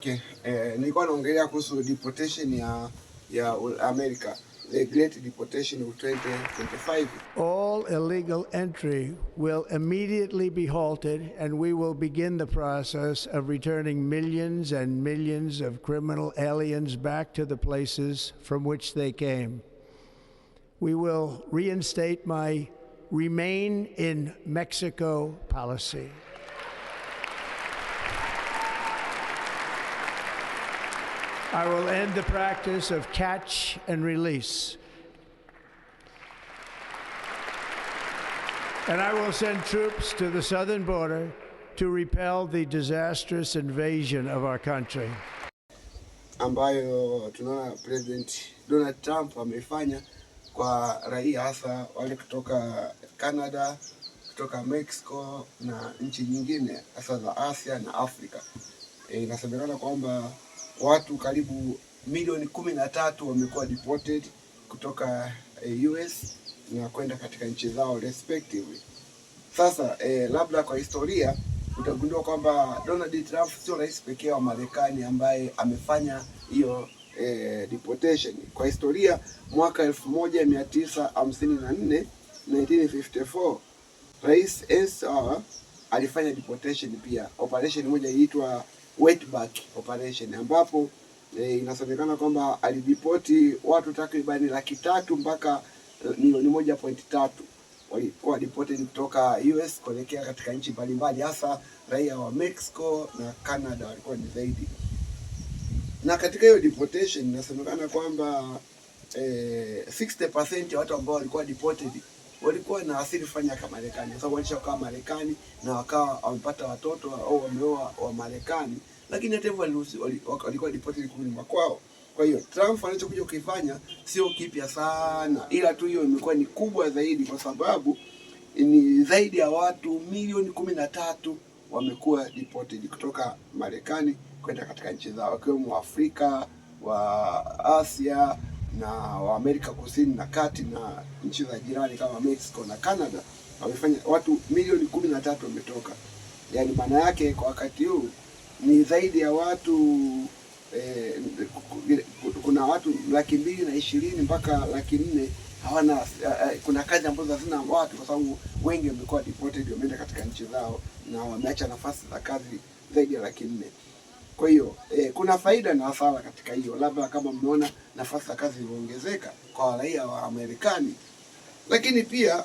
Okay. Eh, nilikuwa naongelea kuhusu deportation ya ya America, the great deportation of 2025. All illegal entry will immediately be halted and we will begin the process of returning millions and millions of criminal aliens back to the places from which they came. We will reinstate my remain in Mexico policy. I will end the practice of catch and release. And I will send troops to the southern border to repel the disastrous invasion of our country. Ambayo tunaona President Donald Trump amefanya kwa raia hasa wale kutoka Canada, kutoka Mexico na nchi nyingine hasa za Asia na Afrika. Eh, inasemekana kwamba watu karibu milioni kumi na tatu wamekuwa deported kutoka eh, US na kwenda katika nchi zao respectively. Sasa eh, labda kwa historia utagundua kwamba Donald Trump sio rais pekee wa Marekani ambaye amefanya hiyo eh, deportation. Kwa historia mwaka 1954 1954 Rais Eisenhower alifanya deportation pia, operation moja iliitwa wetback operation ambapo e, inasemekana kwamba aliripoti watu takribani laki tatu mpaka eh, milioni moja pointi tatu walikuwa deported kutoka US kuelekea katika nchi mbalimbali, hasa raia wa Mexico na Canada walikuwa ni zaidi. Na katika hiyo deportation inasemekana kwamba eh, 60% ya watu ambao walikuwa deported walikuwa na asili fanya kama Marekani, kwa sababu walishakaa Marekani na wakawa wamepata watoto au wameoa wa Marekani lakini hata hivyo walikuwa ripoti kumi ni makwao. Kwa hiyo Trump anachokuja kukifanya sio kipya sana, ila tu hiyo imekuwa ni kubwa zaidi, kwa sababu ni zaidi ya watu milioni kumi na tatu wamekuwa deported kutoka Marekani kwenda katika nchi zao, wakiwemo Waafrika, wa Asia na Waamerika kusini na kati na nchi za jirani kama Mexico na Canada. Wamefanya watu milioni kumi na tatu wametoka, yaani maana yake kwa wakati huu ni zaidi ya watu eh, kuna watu laki mbili na ishirini mpaka laki nne hawana uh, kuna kazi ambazo hazina watu kwa sababu wengi wamekuwa deported, wameenda katika nchi zao na wameacha nafasi za kazi zaidi ya laki nne. Kwa hiyo eh, kuna faida na hasara katika hiyo, labda kama mmeona nafasi za kazi imeongezeka kwa raia wa Marekani, lakini pia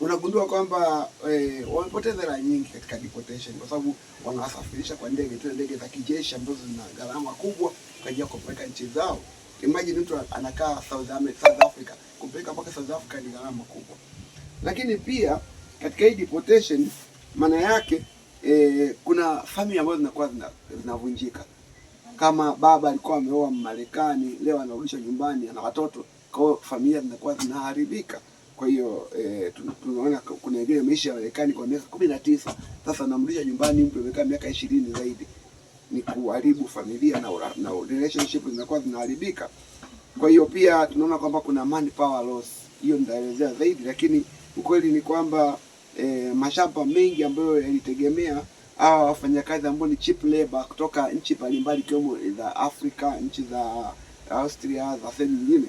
unagundua kwamba eh, wamepoteza hela nyingi katika deportation, kwa sababu wanawasafirisha kwa ndege, tu, ndege za kijeshi ambazo zina gharama kubwa kwa ajili ya kupeleka nchi zao. Imagine mtu anakaa South America, South Africa, kupeleka mpaka South Africa ni gharama kubwa. Lakini pia katika hii deportation, maana yake eh, kuna familia ambazo zinakuwa zinavunjika zina kama baba alikuwa ameoa Marekani, leo anarudisha nyumbani, ana watoto, kwa hiyo familia zinakuwa zinaharibika. Kwa hiyo eh, tunaona kuna wengine ameishi Marekani kwa miaka kumi na tisa, sasa namrudisha nyumbani mtu amekaa miaka ishirini zaidi, ni kuharibu familia na, na relationship zinakuwa zinaharibika. Kwa hiyo pia tunaona kwamba kuna manpower loss, hiyo nitaelezea zaidi, lakini ukweli ni kwamba eh, mashamba mengi ambayo yalitegemea hawa wafanyakazi ambao ni cheap labor kutoka nchi mbalimbali ikiwemo za Afrika, nchi za Austria, za sehemu nyingine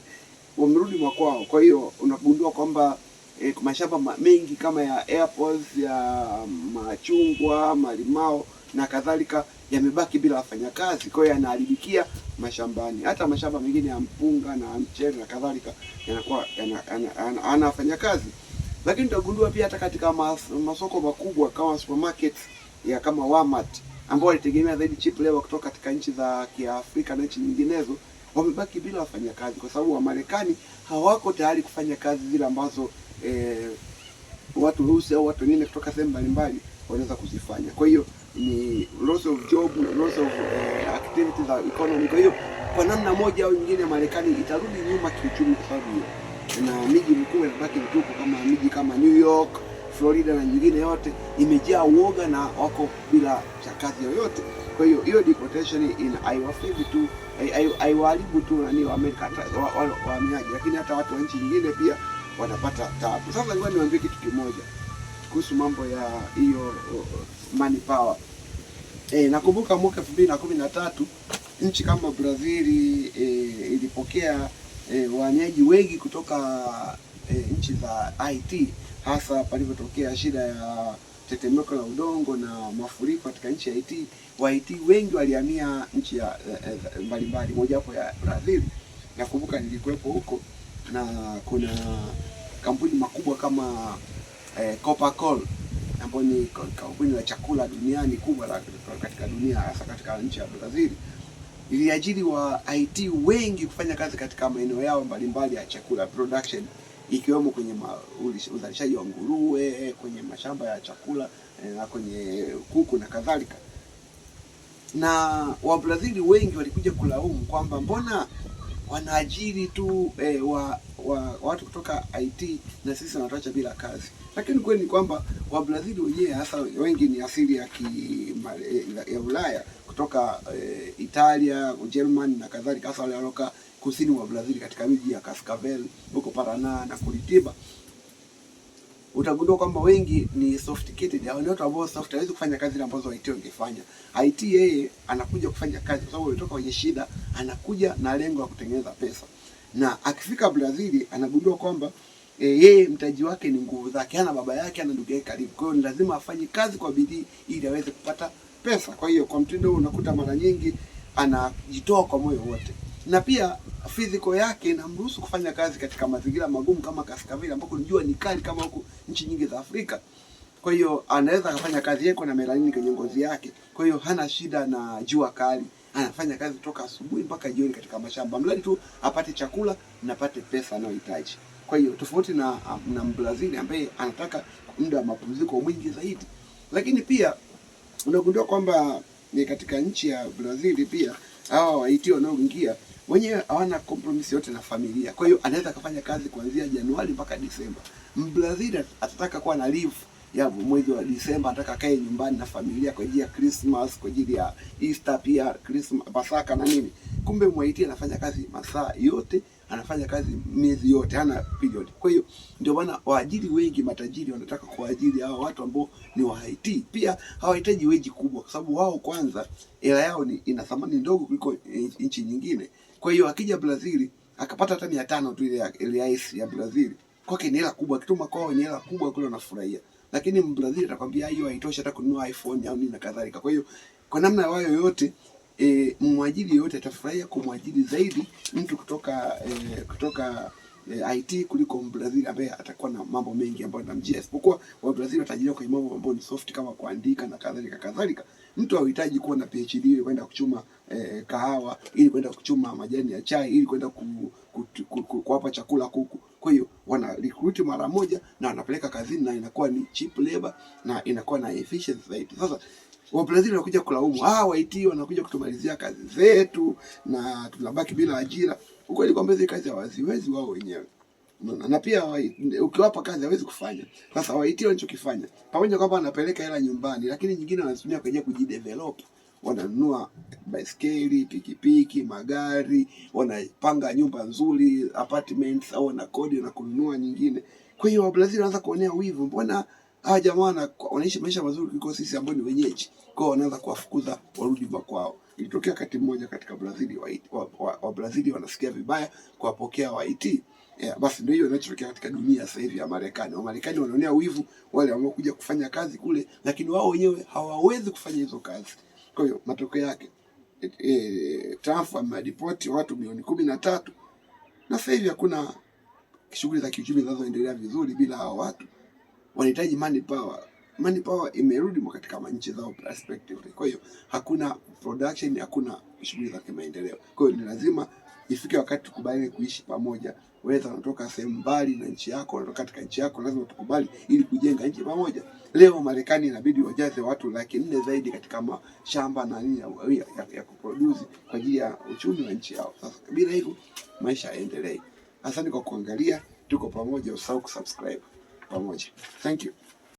wamerudi mwakwao. Kwa hiyo unagundua kwamba e, mashamba mengi kama ya apples, ya mm, machungwa, malimao na kadhalika yamebaki bila wafanyakazi, kwa hiyo yanaharibikia mashambani. Hata mashamba mengine ya mpunga na mchele na kadhalika yanakuwa yana wafanyakazi, lakini utagundua pia hata katika mas, masoko makubwa kama supermarket ya kama Walmart ambao walitegemea zaidi cheap labor kutoka katika nchi za Kiafrika na nchi nyinginezo wamebaki bila wafanyakazi, kwa sababu Wamarekani hawako tayari kufanya kazi zile ambazo eh, watu weusi au watu wengine kutoka sehemu mbalimbali wanaweza kuzifanya. Kwa hiyo ni loss of job, loss of eh, activities za economy. Kwa hiyo kwa namna moja au nyingine Marekani itarudi nyuma kiuchumi kwa sababu hiyo, na miji mikubwa inabaki mtupu kama miji kama New York, Florida na nyingine yote imejaa uoga na wako bila chakazi yoyote. Kwa hiyo hiyo deportation haiwafidi tu haiwaharibu tu nani wahamiaji, lakini hata watu wa nchi nyingine pia wanapata taabu. Sasa ngoja niwaambie kitu kimoja kuhusu mambo ya hiyo uh, power Eh, nakumbuka mwaka 2013 nchi kama Brazili eh, ilipokea eh, wahamiaji wengi kutoka eh, nchi za IT hasa palipotokea shida ya tetemeko la udongo na mafuriko katika nchi ya Haiti, Wahaiti wengi walihamia nchi ya uh, mbalimbali, mojawapo ya Brazil. Nakumbuka nilikuwepo huko na kuna kampuni makubwa kama eh, Coca-Cola ambayo ni kampuni la chakula duniani kubwa la katika dunia hasa katika nchi ya Brazil iliajiri wa Haiti wengi kufanya kazi katika maeneo yao mbalimbali ya chakula production ikiwemo kwenye uzalishaji wa nguruwe, kwenye mashamba ya chakula eh, na kwenye kuku na kadhalika. Na Wabrazili wengi walikuja kulaumu kwamba mbona wanaajiri tu eh, wa, wa watu kutoka IT na sisi wanatuacha bila kazi. Lakini kweli ni kwamba Wabrazili wenyewe hasa wengi ni asili ya, ki, ya Ulaya kutoka eh, Italia, Ujerumani na kadhalika, hasa wale waloka kusini mwa Brazil katika miji ya Cascavel huko Paraná na Curitiba utagundua kwamba wengi ni sophisticated au ni watu ambao software hawezi kufanya kazi ile ambazo IT wangefanya. IT yeye anakuja kufanya kazi kwa sababu alitoka kwenye shida, anakuja na lengo la kutengeneza pesa. Na akifika Brazil anagundua kwamba e, yeye mtaji wake ni nguvu zake, ana baba yake, ana ndugu yake karibu. Kwa hiyo ni lazima afanye kazi kwa bidii ili aweze kupata pesa. Kwa hiyo kwa mtindo huu unakuta mara nyingi anajitoa kwa moyo wote na pia fiziko yake inamruhusu kufanya kazi katika mazingira magumu kama Kaskavile ambako jua ni kali kama huko nchi nyingi za Afrika. Kwa hiyo anaweza akafanya kazi yake na melanini kwenye ngozi yake, kwa hiyo hana shida na jua kali, anafanya kazi toka asubuhi mpaka jioni katika mashamba, mradi tu apate chakula na apate pesa anayohitaji. Kwa hiyo tofauti na, na Mbrazili ambaye anataka muda wa mapumziko mwingi zaidi, lakini pia unagundua kwamba ni eh, katika nchi ya Brazili pia hawa waitio wanaoingia wenyewe hawana kompromisi yote na familia, kwa hiyo anaweza akafanya kazi kuanzia Januari mpaka Disemba. Mbrazili atataka kuwa na leave ya mwezi wa Disemba, anataka kae nyumbani na familia kwa ajili ya Christmas, kwa ajili ya Easter, pia Christmas, Pasaka na nini kumbe mwaiti anafanya kazi masaa yote, anafanya kazi miezi yote, hana period. Kwa hiyo ndio maana waajiri wengi matajiri wanataka kuajiri hawa watu ambao ni wa IT. Pia hawahitaji weji kubwa, kwa sababu wao kwanza hela yao ni ina thamani ndogo kuliko nchi nyingine. Kwa hiyo akija Brazil akapata hata mia tano tu ile ya ya Brazil, kwake ni hela kubwa, akituma kwao ni hela kubwa kule, anafurahia lakini Mbrazili atakwambia hiyo haitoshi hata kununua iPhone au nini na kadhalika. Kwa hiyo kwa namna wao yote e, mwajiri yoyote atafurahia kumwajiri zaidi mtu kutoka e, kutoka e, IT kuliko Brazil ambaye atakuwa na mambo mengi ambayo anamjia, isipokuwa wa Brazil watajiriwa kwenye mambo ambayo ni soft kama kuandika na kadhalika kadhalika. Mtu hahitaji kuwa na PhD ili kwenda kuchuma e, kahawa, ili kwenda kuchuma majani ya chai, ili kwenda kuwapa ku, ku, ku, ku, chakula kuku. Kwa hiyo wana recruit mara moja na wanapeleka kazini, na inakuwa ni cheap labor na inakuwa na efficiency zaidi. Sasa wa Brazil wanakuja kulaumu hawa ah, Waiti wanakuja kutumalizia kazi zetu na tunabaki bila ajira. Ukweli kwamba hizi kazi hawaziwezi wao wenyewe na pia ukiwapa kazi hawezi kufanya. Sasa Waiti wanachokifanya pamoja kwamba wanapeleka hela nyumbani, lakini nyingine wanatumia kwenye kujidevelop wananunua baiskeli, pikipiki, magari, wanapanga nyumba nzuri apartments, au wanakodi na kununua nyingine. Kwa hiyo wa Brazil wanaanza kuonea wivu, mbona ah, jamaa wanaishi maisha mazuri kuliko sisi ambao ni wenyeji, kwao wanaanza kuwafukuza warudi makwao. Ilitokea wakati mmoja katika Brazili, wa, wa, wa Brazili wanasikia vibaya kuwapokea Wahaiti. Yeah, basi ndio hiyo inachotokea katika dunia sasa hivi ya Marekani. Wa Marekani wanaonea wivu wale kuja kufanya kazi kule, lakini wao wenyewe hawawezi kufanya hizo kazi. Kwa hiyo matokeo yake e, e, Trump ameripoti watu milioni kumi na tatu na sasa hivi hakuna shughuli za kiuchumi zinazoendelea vizuri bila hao watu wanahitaji money power. Money power imerudi katika manchi zao perspective. Kwa hiyo hakuna production, hakuna shughuli za kimaendeleo. Kwa hiyo ni lazima ifike wakati tukubali kuishi pamoja. Wewe unatoka sehemu mbali na nchi yako, unatoka katika nchi yako, lazima tukubali ili kujenga nchi pamoja. Leo Marekani inabidi wajaze watu laki nne zaidi katika mashamba na nini ya, ya, ya kuproduce kwa ajili ya uchumi wa nchi yao. Sasa bila hivyo maisha yaendelee. Asante kwa kuangalia, tuko pamoja, usahau kusubscribe. Thank you.